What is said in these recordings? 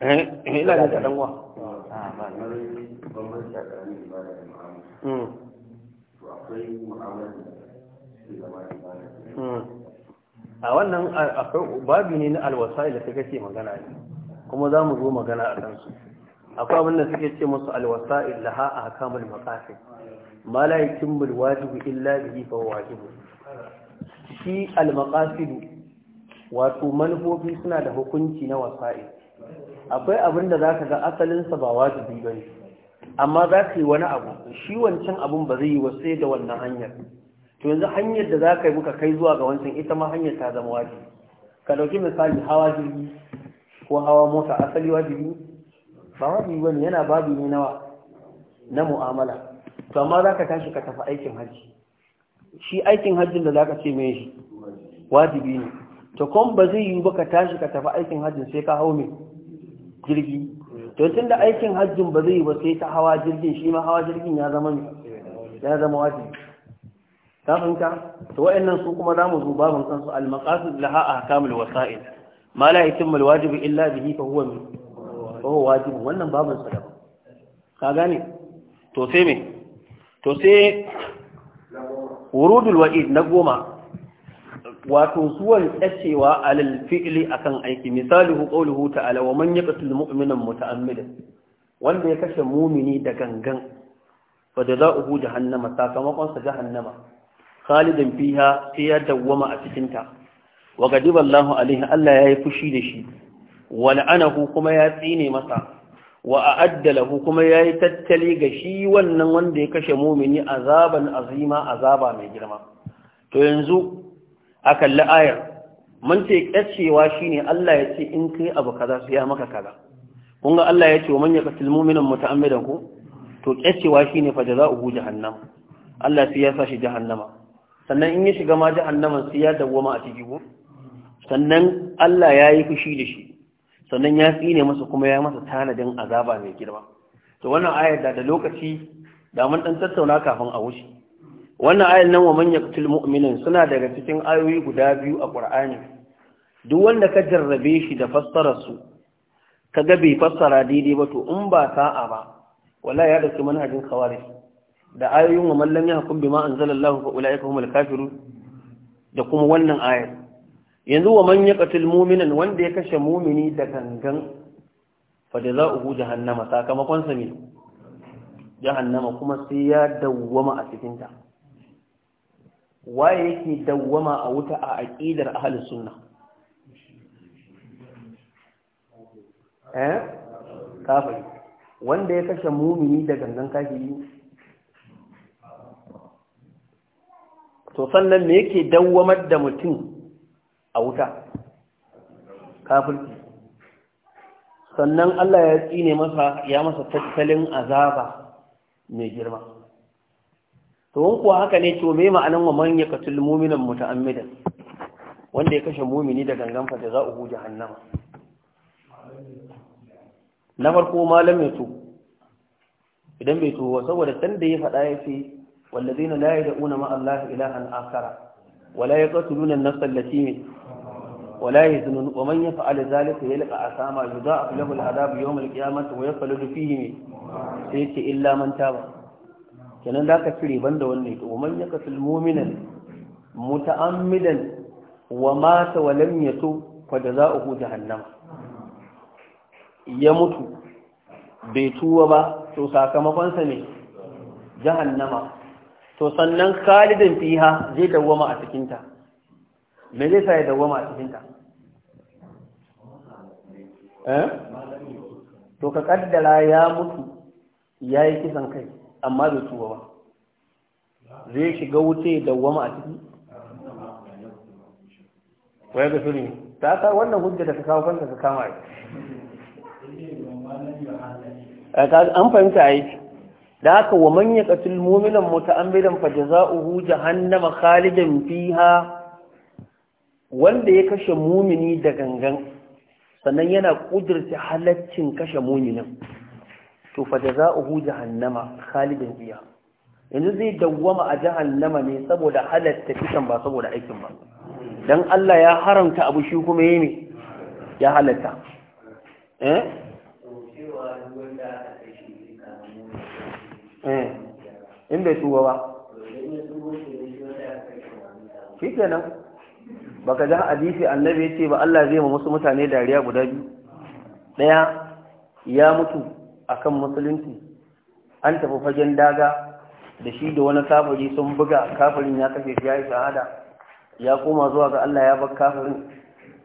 ila da a ba ne ba da mu'amala mm to akwai mu'amala a wannan ne na alwasa'il da suka ce magana ne kuma za mu zo magana a kansu akwai abin da suke ce musu alwasa'il laha a hakamul maqasid ma la yakmul wajibu illa bihi fa wajibu shi almaqasid wato manufofi suna da hukunci na wasa'il akwai abin da za ka ga asalinsa ba wajibi ba ne amma za ka yi wani abu shi wancan abin ba zai yi wasu sai da wannan hanyar to yanzu hanyar da za ka yi muka kai zuwa ga wancan ita ma hanyar ta zama wajibi ka ɗauki misali hawa jirgi ko hawa mota asali wajibi ba wajibi ba ne yana babu ne nawa na mu'amala to amma za ka tashi ka tafi aikin hajji shi aikin hajjin da za ka ce mai shi wajibi ne to kuma ba zai yi ba ka tashi ka tafi aikin hajjin sai ka hau mai jirgi to tun da aikin hajjin ba zai ba sai ta hawa jirgin shi ma hawa jirgin ya zama ya zama wajibi ta fahimta to wayannan su kuma zamu zo babin kansu al maqasid laha ahkamul wasa'il ma la yatimmu al wajibu illa bihi fa huwa fa huwa wajib wannan babin sa da ka gane to sai me to sai wurudul wa'id na goma wato suwan tsacewa alal fi'li akan aiki misali hu qawluhu ta'ala wa man yaqtul mu'mina muta'ammidan wanda ya kashe mumini da gangan fa jazaohu jahannama sakamakon sa jahannama khalidan fiha sai ya dawwama a cikin ta wa gadiba Allah alaihi Allah yayi fushi da shi wa la'anahu kuma ya tsine masa wa a'adda lahu kuma yayi tattali ga shi wannan wanda ya kashe mumini azaban azima azaba mai girma to yanzu a kalli ayar mun ce kacewa shine Allah ya ce in kai abu kaza su ya maka kaza kun ga Allah ya ce wa ya qatil mu'minan ko to kacewa shine fa jazaohu jahannama. Allah sai ya sa shi jahannama sannan in ya shiga ma jahannaman sai ya dawwama a ciki ko sannan Allah ya yi fushi da shi sannan ya tsine masa kuma ya masa tanadin azaba mai girma to wannan ayar da da lokaci da mun dan tattauna kafin a wuce wannan ayar nan wa man yaqtul mu'minin suna daga cikin ayoyi guda biyu a Qur'ani duk wanda ka jarrabe shi da fassararsu su ga bai fassara daidai ba to in ba sa'a ba wallahi ya dauki manhajin khawarij da ayoyin wa man lam yahkum bima anzalallahu fa ulaika humul kafirun da kuma wannan ayar yanzu wa man yaqtul wanda ya kashe mu'mini da gangan fa jazaohu jahannama sakamakon sa ne jahannama kuma sai ya dawwama a cikin ta waye yake dawwama a wuta a aqidar ahlus sunna eh kafir wanda ya kashe mumini da gangan kafiri to sannan me yake dawwamar da mutum a wuta kafir sannan Allah ya tsine masa ya masa tattalin azaba mai girma to in kuwa haka ne to me ma'anan wa man yaqtul mu'minan muta'ammidan wanda ya kashe mu'mini da gangan fa jaza'uhu jahannama na farko malam ya to idan bai to saboda sanda ya faɗa ya ce wallazina la yad'una ma Allah ilahan akara wala yaqtuluna an-nafs allati ولا يزنون ومن يفعل ذلك يلقى عساما يضاعف له العذاب يوم القيامة ويخلد فيه سيئة illa من تاب kenan da ka cire banda wannan to man ya kasul mu'minan muta'ammidan wa mata wa lam yatu fa huta jahannam ya mutu bai tuwa ba to sakamakon sa ne jahannama to sannan khalidan fiha zai dawwama a cikin ta me zai sa ya dawwama a cikin ta eh to ka kaddara ya mutu yayi kisan kai amma bai tuba ba zai shiga wuce da wama a ciki wai ga suri ta ta wannan hujja da ka kawo kanta ka kama yi an fahimta yi da haka wa man ya qatil mu'minan muta'ammidan fa jazaohu jahannama khalidan fiha wanda ya kashe mumini da gangan sannan yana kudirta halaccin kashe muminin to fa jaza'uhu jahannama khalidin fiha yanzu zai dawwama a jahannama ne saboda halatta kisan ba saboda aikin ba dan Allah ya haramta abu shi kuma yayi ne ya halatta eh eh in bai tuba ba nan? baka ji hadisi annabi yace ba Allah zai ma musu mutane dariya guda biyu daya ya mutu akan musulunci an tafi fagen daga da shi da wani kafiri sun buga kafirin ya kashe shi ya yi shahada ya koma zuwa ga Allah ya bar kafirin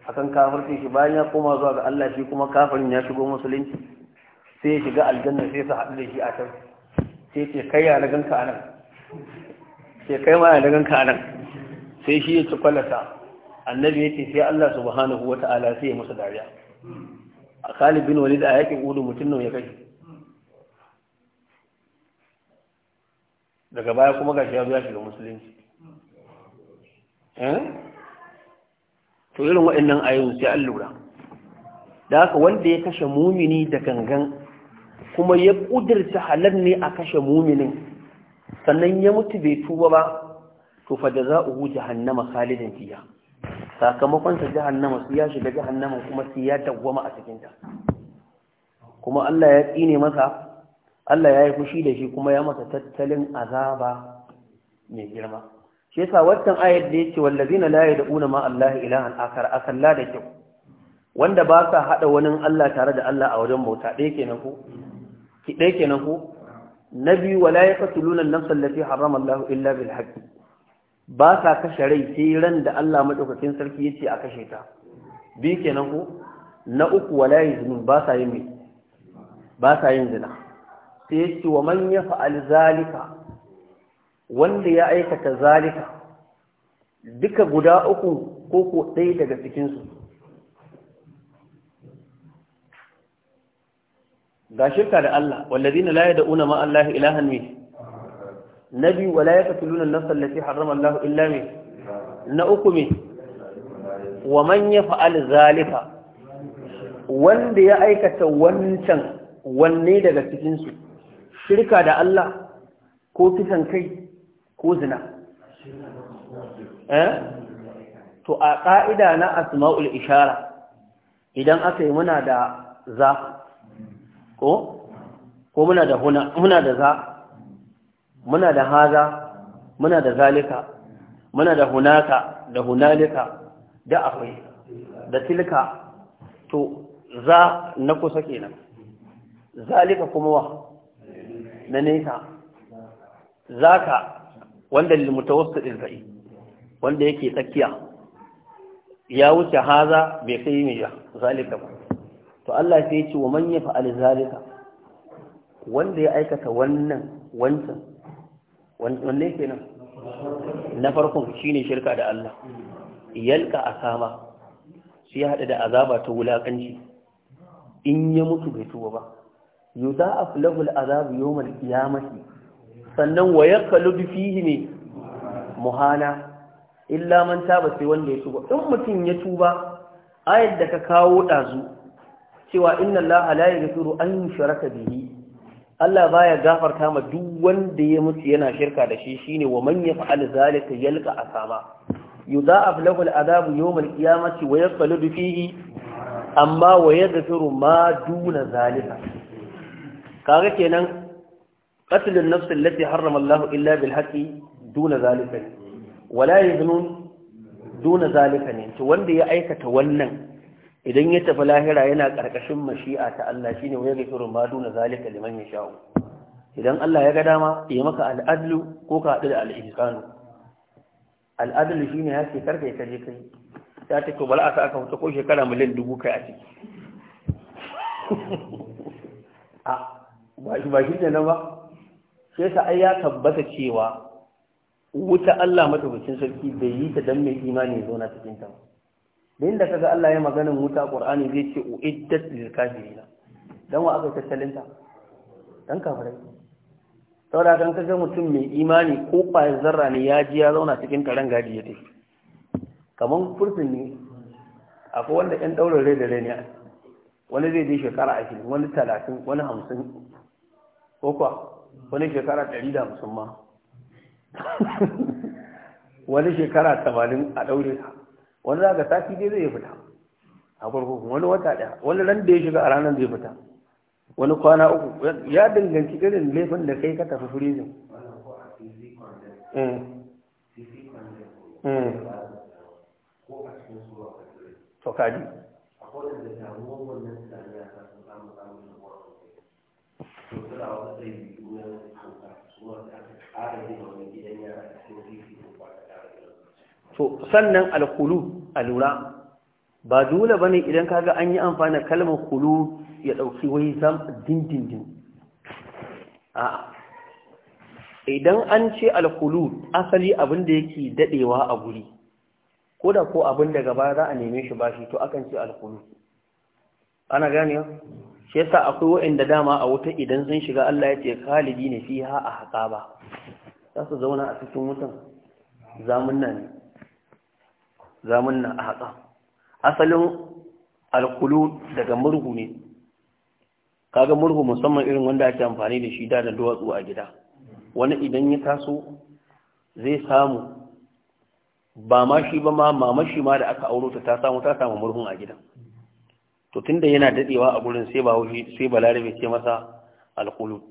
akan kafirci shi bayan ya koma zuwa ga Allah shi kuma kafirin ya shigo musulunci sai ya shiga aljanna sai su haɗu da shi a can sai ce kai ya ragan ka anan sai kai ma ya ragan ka anan sai shi ya ci kwalata annabi ya ce sai Allah subhanahu wata'ala sai ya musu dariya a Khalid bin Walid a yakin Uhud mutum ne ya kashe daga baya kuma gashi ya zo shiga musulunci eh? to irin waɗannan ayoyin sai an lura da haka wanda ya kashe mumini da gangan kuma ya kudirta halar ne a kashe muminin sannan ya mutu bai tuba ba to fa jaza'uhu jahannama khalidan fiha sakamakon sa jahannama su ya shiga jahannama kuma su ya dawwama a cikin ta kuma Allah ya tsine masa Allah ya yi fushi da shi kuma ya masa tattalin azaba mai girma shi yasa wannan ayat da yake wallazina la yad'una ma Allah ilahan akar akalla da kyau wanda ba sa haɗa wani Allah tare da Allah a wajen bauta ɗaya kenan ku? ki ɗaya kenan ko nabi wala yaqtuluna an nan allati harrama Allah illa bil haqq ba sa kashe rai sai ran da Allah madaukakin sarki ya ce a kashe ta bi kenan ku? na uku wala yaznun ba sa yin ba sa yin zina sai yake wa man ya fa'al zalika wanda ya aikata zalika duka guda uku ko ko ɗaya daga cikinsu ga shirka da Allah wallazina la yad'una ma Allah ilahan Na biyu wa la yaqtuluna an-nafs allati harrama Allah illa min na uku min wa man yaf'al zalika wanda ya aikata wancan wanne daga cikinsu. shirka da Allah ko kisan kai ko zina eh to a ƙa'ida na asma'ul ishara idan aka yi muna da za ko ko muna da huna muna da za muna da haza muna da zalika muna da hunaka da hunalika da akwai da tilka to za na kusa kenan zalika kuma wa na nesa za ka wanda lilmutawassit irfa'i wanda yake tsakiya ya wuce haza bai kai mai zalika ba to Allah sai ya ce wa man yafa'al zalika wanda ya aikata wannan wancan wanne kenan na farkon shine shirka da Allah yalka a sama ya hada da azaba ta wulakanci in ya mutu bai tuba ba yudha'af lahu al'azab yawm al sannan wa fihi ne muhana illa man taba sai wanda ya tuba in mutum ya tuba ayar da ka kawo dazu cewa inna allaha la yaghfiru an yushraka bihi Allah baya gafarta ma duk wanda ya mutu yana shirka da shi shine wa man yaf'al zalika yalqa asama yudha'af lahu al'adabu yawm al-qiyamati wa fihi amma wa yaghfiru ma duna zalika Kare kenan qatlun nafs allati harrama Allah illa bil haqqi duna zalika ne wala yaznun duna zalika ne to wanda ya aikata wannan idan ya tafi lahira yana karkashin mashi'a ta Allah shine waya gafiru ma duna zalika liman yasha idan Allah ya ga dama ya maka al'adlu ko ka hadu da al'ihsanu al'adlu shine ya ce karka ka je kai ta take bala aka aka fita ko shekara miliyan dubu kai a ciki a ba shi ba shi ba sai sa ai ya tabbata cewa wuta Allah madaukakin sarki bai yi ta dan mai imani zo na cikin ta da kaga Allah ya maganin wuta Qur'ani zai ce uiddat lil kafirin dan wa aka tattalin ta dan kafirai saboda kan kaga mutum mai imani ko kwaya zarra ne ya ji ya zauna cikin karen gaji ya tafi kaman ne akwai wanda ɗan ɗaurin rai da rai ne wani zai je shekara ashirin wani talatin wani hamsin ko kuwa wani shekara ɗari da musamman wani shekara tamanin a ɗaure ta wani za ka sati dai zai fita a kurkukun wani wata ɗaya wani ran da ya shiga a ranar zai fita wani kwana uku ya danganci irin laifin da kai ka tafi firizin eh. eh. to kaji to sannan alkulu a lura ba dole ba ne idan kaga an yi amfani kalmar kulu ya dauki wai zam dindindin a idan an ce alkulu asali abin yake daɗewa a guri ko da ko abin da gaba za a neme shi bashi to akan ce alkulu ana gane shi yasa akwai waɗanda dama a wuta idan sun shiga Allah ya ce khalidi ne fiha a ba. za su zauna a cikin wutan zamun nan zamun na haka asalin alkulu daga murhu ne kaga murhu musamman irin wanda ake amfani da shi da da duwatsu a gida wani idan ya taso zai samu ba ma shi ba ma mamashi ma da aka auro ta ta samu ta samu murhun a gidan to tunda yana dadewa a gurin sai ba wuce sai balarabe ce masa alqulu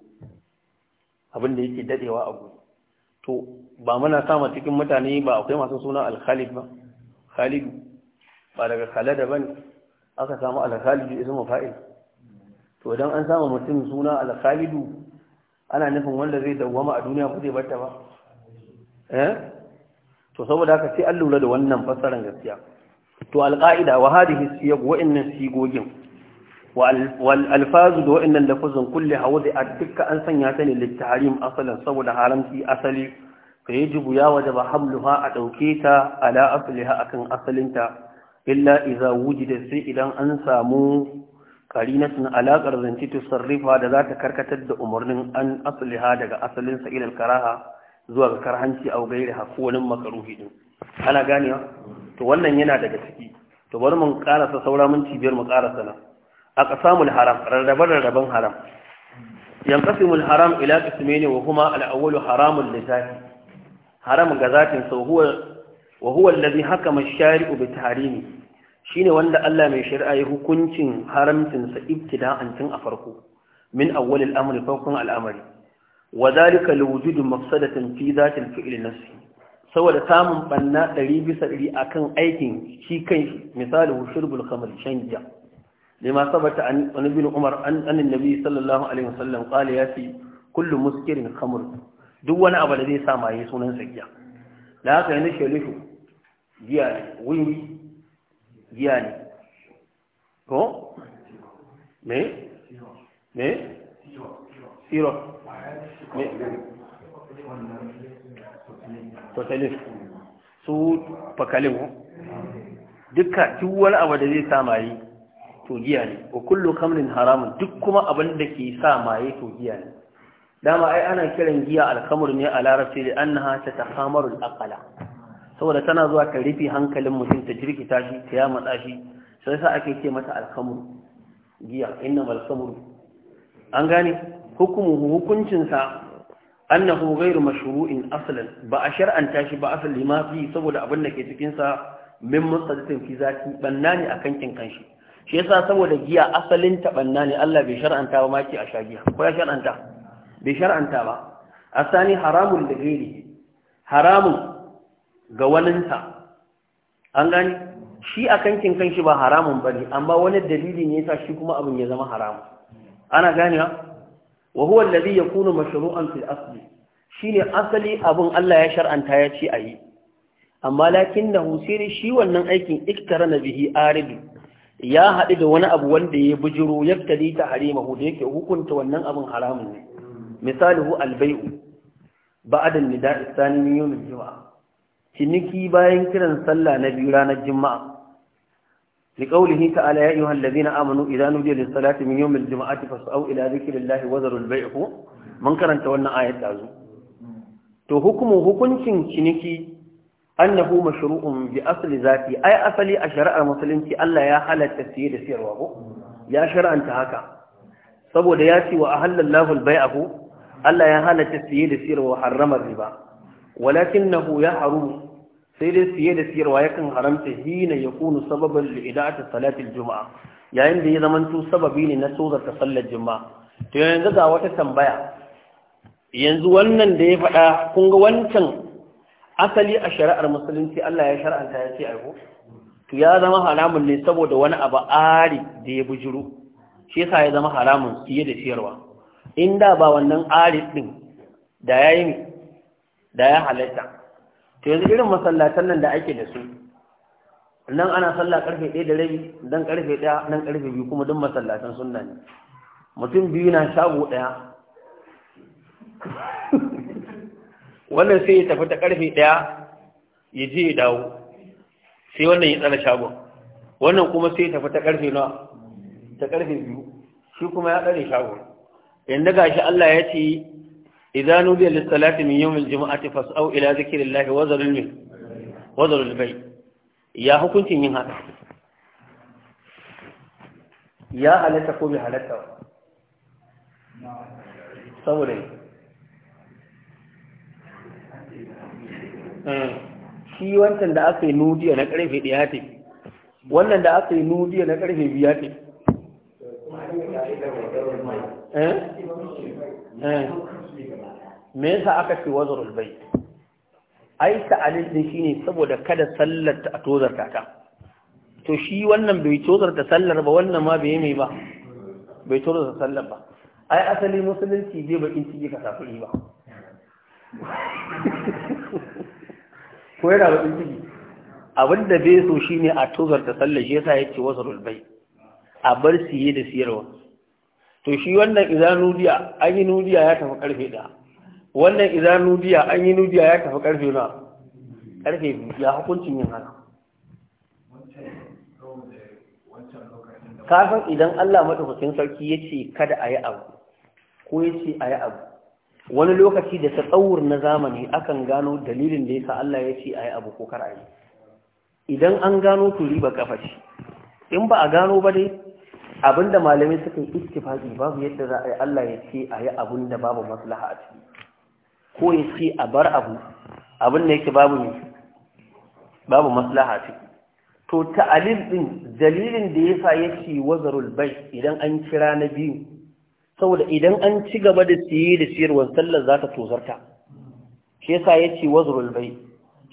abin da yake dadewa a gurin to ba muna sama cikin mutane ba akwai masu suna alkhalif ba khalidu ba daga khalada bane aka samu Alkhalidu khalidu ismu to dan an samu mutum suna Alkhalidu, ana nufin wanda zai dawwama a duniya ko zai barta ba eh to saboda haka sai an lura da wannan fasaran gaskiya to alƙa'ida, qaida wa hadhihi siyaq wa sigogin da wa'annan lafazin kulle hawzi a duka an sanya ta ne littaharim asalin saboda haramci asali فيجب يا وجب حملها أدوكيتا على أصلها أكن أصلنتا إلا إذا وجد سيئلا أنسى مو قرينة على قرزن تصرفها ذات كركتة أمرن أن أصلها دقى أصل سيئل الكراهة زوى كرهنتي أو غيرها فول مكروه أنا قاني تولى ينا دقى سكي تولى من قارس سورا من تبير مقارسنا أقسام الحرام ربا ربا حرام ينقسم الحرام إلى قسمين وهما الأول حرام لذاته haram ga zatin sau huwa wa huwa haka hakama shari'u ne. Shi shine wanda Allah mai shari'a ya hukuncin haramcinsa sa ibtida'an tun a farko min awwal al-amri farkon al'amari wa zalika liwujud mafsadatan fi zati al-fi'l nafsi saboda samun banna 100 bisa 100 akan aikin shi kanshi misali shurbul khamr shanja لما Umar, an ابن عمر أن النبي صلى الله عليه وسلم ya fi كل muskirin خمر duk wani abu da zai sa maye sunan giya da haka yanzu shelishu giya ne wuyi giya ne ko me me siro me totalif su fakalin dukka duk wani abu da zai sa maye to giya ne O kullum kamrin haramun duk kuma abin da ke sa maye to giya ne dama ai ana kiran giya alkamur ne a larabci da annaha ta tahamarul akala saboda tana zuwa ta rufe hankalin mutum ta jirkita shi ta ya matsa shi sai sa ake ce mata alkamur giya innamal kamur an gane hukumu hukuncinsa annahu ghairu mashru'in aslan ba a shar'anta shi ba asali ma fi saboda abin da ke cikin sa min musadatin fi zati banna ne akan kin kanshi shi yasa saboda giya asalin ta banna ne Allah bai shar'anta ba maki a shagiya ko ya shar'anta bai shar'anta ba asani haramun da gairi haramun ga waninsa an gani shi a kankin kanshi ba haramun ba ne amma wani dalili ne yasa shi kuma abin ya zama haramu ana gani ha ya huwa alladhi yakunu mashru'an fil asli shine asali abin Allah ya shar'anta ya ce ayi amma lakin lakinnahu sirri shi wannan aikin na bihi aridu ya haɗu da wani abu wanda ya bujiro yaftali ta harimahu da yake hukunta wannan abin haramun ne misaluhu albay'u ba'da nida'i thani min yawm al-jum'a ciniki bayan kiran sallah na biyu ranar juma'a لقوله تعالى يا أيها الذين آمنوا إذا نودي للصلاة من يوم الجمعة فاسعوا إلى ذكر الله وذروا البيع من karanta wannan آية دازو to hukumu hukuncin ciniki annahu mashru'un bi asli zati ai asali a shari'ar musulunci Allah ya halatta siye da siyarwa ko ya shar'anta haka saboda ya ce wa ahallallahu albay'ahu Allah ya halatta siye da siyarwa haramar riba walakinahu ya haru sai dai siye da siyarwa yakan haramta hina ya kunu sababan li'ida'ati salatil juma'a yayin da ya zamanto sababi ne na sozar ta sallar juma'a to yanzu ga wata tambaya yanzu wannan da ya faɗa kun ga wancan asali a shari'ar musulunci Allah ya shar'anta ya ce aiko to ya zama haramun ne saboda wani abu ari da ya bujiro shi yasa ya zama haramun siye da siyarwa in da ba wannan aris ɗin da ya yi da ya halatta to yanzu irin masallatan nan da ake da su nan ana sallah karfe ɗaya da rabi dan karfe ɗaya nan karfe biyu kuma duk masallatan sunna ne mutum biyu na shago ɗaya wannan sai ya tafi ta karfe ɗaya ya je ya dawo sai wannan ya tsara shagon wannan kuma sai ya tafi ta karfe na ta karfe biyu shi kuma ya tsare shagon inda gashi Allah ya ce idan nudiya lissalati min yawmil jumu'ati fas'au ila zikrillahi wa zarul min wa bay ya hukuncin yin haka ya halatta ko bi halatta saboda hmm. shi wancan da aka yi nudiya na karfe ɗaya ce wannan da aka yi nudiya na karfe biya ce eh Eh. me yasa aka ce wazarul bai ai ta'alil din shine saboda kada sallar ta tozarta ta to shi wannan bai tozarta sallar ba wannan ma bai mai ba bai tozarta sallar ba ai asali musulunci bai bakin ciki ka safuri ba ko yana bakin ciki abinda bai so shine a tozarta sallar shi yasa yace wazarul bai a bar siye da siyarwa to shi wannan izanudiya an yi nudiya ya tafi karfe ɗaya wannan izanudiya an yi nudiya ya tafi karfe na karfe ya hukuncin yin haka kafin idan Allah madaukakin sarki ya ce kada a yi abu ko ya ce a yi abu wani lokaci da tsawur na zamani akan gano dalilin da ya sa Allah ya ce a yi abu ko kar a yi idan an gano turi ba kafa ce in ba a gano ba dai abinda malamai suka yi ittifaki babu yadda za a yi Allah ya ce a yi abinda da babu maslaha a ciki ko ya ce a bar abu abin da yake babu ne babu maslaha a ciki to ta'alil din dalilin da yasa yake wazarul bai idan an kira na biyu saboda idan an ci gaba da siye da siyarwar sallar za ta tozarta shi yasa yake wazarul bai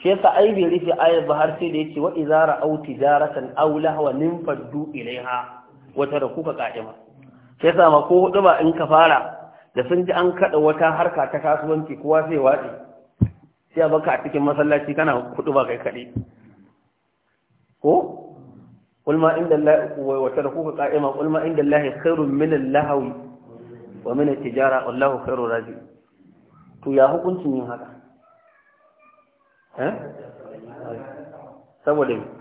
shi yasa ai bai rufe ayar ba har sai da yake wa izara ra'aw tijaratan aw lahwa ninfaddu ilaiha wata da kuka ƙa'ima sai sama ko hudu ba in ka fara da sun ji an kaɗa wata harka ta kasuwanci kowa sai watsi sai a baka a cikin masallaci kana hudu ba kai kaɗe ko ulma inda lahi wata da kuka ƙa'ima ulma inda lahi khairun min lahawi wa min tijara wallahu khairur razi to ya hukuncin yin haka eh saboda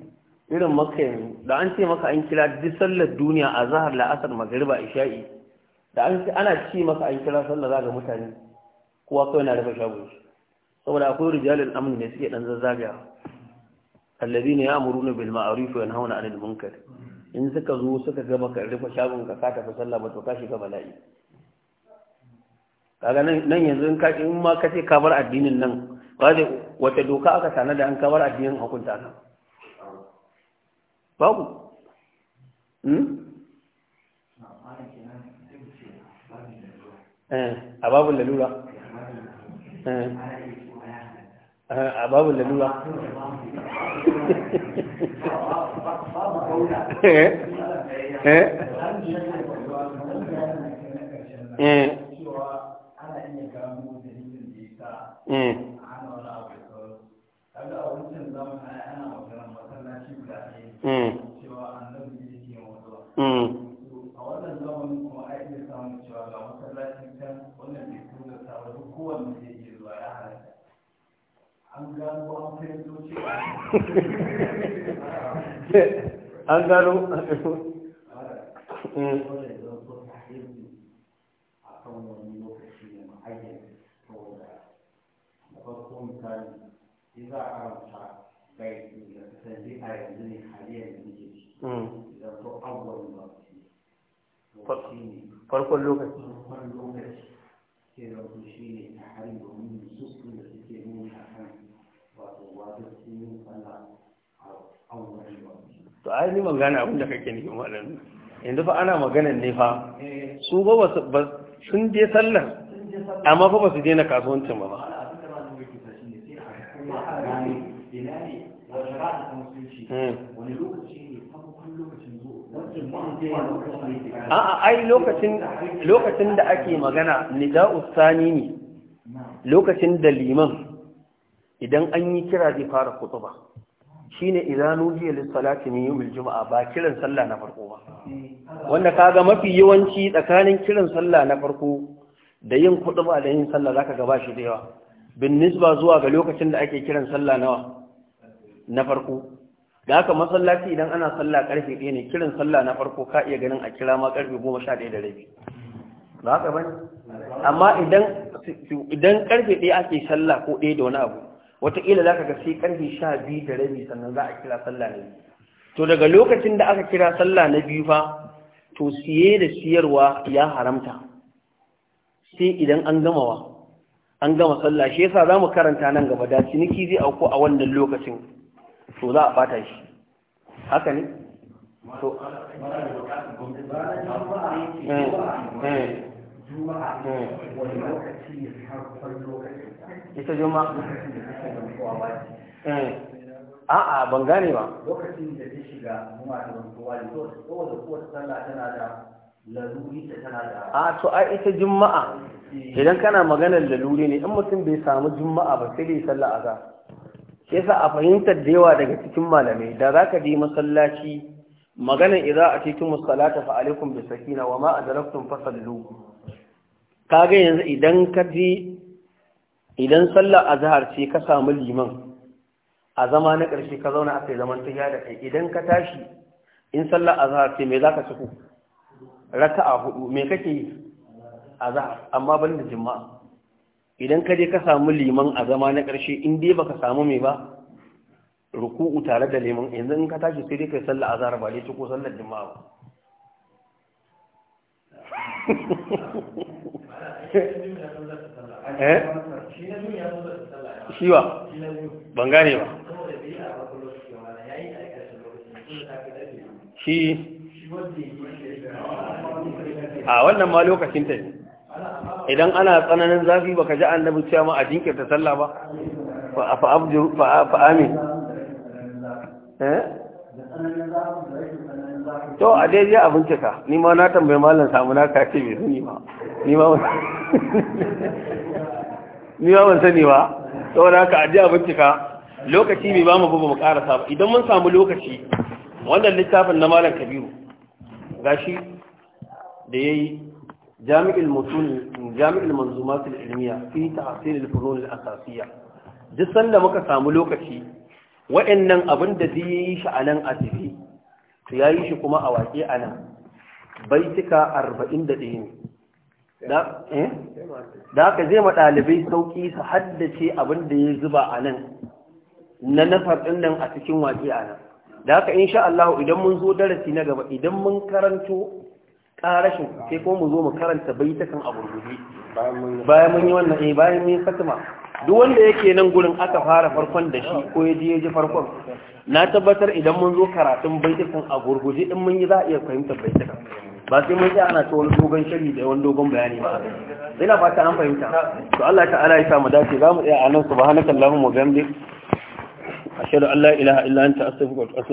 irin maka yanzu da an ce maka an kira duk sallar duniya a zahar la'asar magariba isha'i da an ana ce maka an kira sallar za ga mutane kowa kawai na rufe shago saboda akwai rijalin amin ne suke dan zazzaga alladhina ya'muruna bil ma'ruf wa yanhauna 'anil munkar in suka zo suka ga maka rufe shagon ka ka tafi sallah ba to ka shiga bala'i kaga nan yanzu in ka in ma kace ka bar addinin nan wata doka aka tana da an ka bar addinin hukunta ka babu hmm? eh, a babin lalura eh. Eh, a babin lalura Hmm. Hmm. an gano za a karanta bai tasdiqa yanzu ne haliyar da ciki hmm. farkon lokaci farkon lokaci ke da ku ta hari domin da suke wato wato ni magana abin da kake nufin yanzu fa ana maganan ne fa eh. su ba sun je sallar amma fa ba su je na kasuwancin ba ba a'a lokacin da ake magana nida usani ne lokacin da liman idan an yi kira zai fara kutuba shi ne nuji lis lissalati min yi juma'a ba kiran sallah na farko ba wanda kaga mafi yawanci tsakanin kiran sallah na farko da yin kutuba da yin sallah zaka gaba shi da yawa bin nisba zuwa ga lokacin da ake kiran sallah nawa na farko da haka masallaci idan ana sallah karfe ɗaya ne kiran sallah na farko ka iya ganin a kira ma karfe goma sha ɗaya da rabi ba haka bane amma idan karfe ɗaya ake sallah ko ɗaya da wani abu wataƙila za ka ga sai karfe sha biyu da rabi sannan za a kira sallah na biyu to daga lokacin da aka kira sallah na biyu fa to siye da siyarwa ya haramta sai idan an gama wa an gama sallah shi yasa zamu karanta nan gaba da ciniki zai auku a wannan lokacin to za a bata shi haka ne to eh, eh, ita juma'a eh, a'a ban gane ba lokacin da ta shiga muna da kowa ne to da kowace sallah tana da laluri ta tana da a to a ita juma'a idan kana maganar laluri ne in mutum bai samu juma'a ba sai dai sallah azhar yasa a fahimtar da yawa daga cikin malamai da za ka je masallaci maganar idza a cikin musallata fa alaikum bi sakina wa ma adraktum fasallu ga yanzu idan ka je idan sallar azhar ce ka samu liman a zama na ƙarshe ka zauna aka yi zaman da kai idan ka tashi in sallar azhar ce me ka ci ku raka'a hudu me kake yi azhar amma ban da jima'a idan ka je ka samu liman a zama na ƙarshe in dai baka samu mai ba ruku'u tare da liman yanzu in ka tashi sai dai kai sallar azhar ba dai ko sallar juma'a ba eh? shiwa ban gane ba shi a wannan ma lokacin ta ne idan ana tsananin zafi baka ji annabi cewa ma a jinkirta sallah ba fa fa abdu fa fa amin eh to a dai je a bincika ni ma na tambaye mallan samu na kace me sani ba ni ma ni ma ban sani ba to haka a je a bincika lokaci bai ba mu ba mu karasa ba idan mun samu lokaci wannan littafin na mallan kabiru gashi da yayi جامع المتون جامع المنظومات العلميه في تحصيل الفنون الاساسيه جسن لما كسامو لوكشي وإنن أبن دديش أنا أتفي تيايش كما أواكي أنا بيتك أربعين ددين da haka zai ɗalibai sauƙi su haddace abin da ya zuba a nan na nasar nan a cikin waƙe a nan da haka insha Allah idan mun zo darasi na gaba idan mun karanto karashin sai ko mu zo mu karanta baitakan a gurguje bayan mun yi wannan eh bayan mun fatima duk wanda yake nan gurin aka fara farkon da shi ko ya je ya ji farkon na tabbatar idan mun zo karatun baitakan a gurguje din mun yi za a iya fahimtar baitakan ba sai mun ji ana ta wani dogon shari da wani dogon bayani ba ina fata an fahimta to Allah ta'ala ya sa mu dace za mu tsaya a nan subhanakallahumma wa bihamdik ashhadu an la ilaha illa anta astaghfiruka wa atubu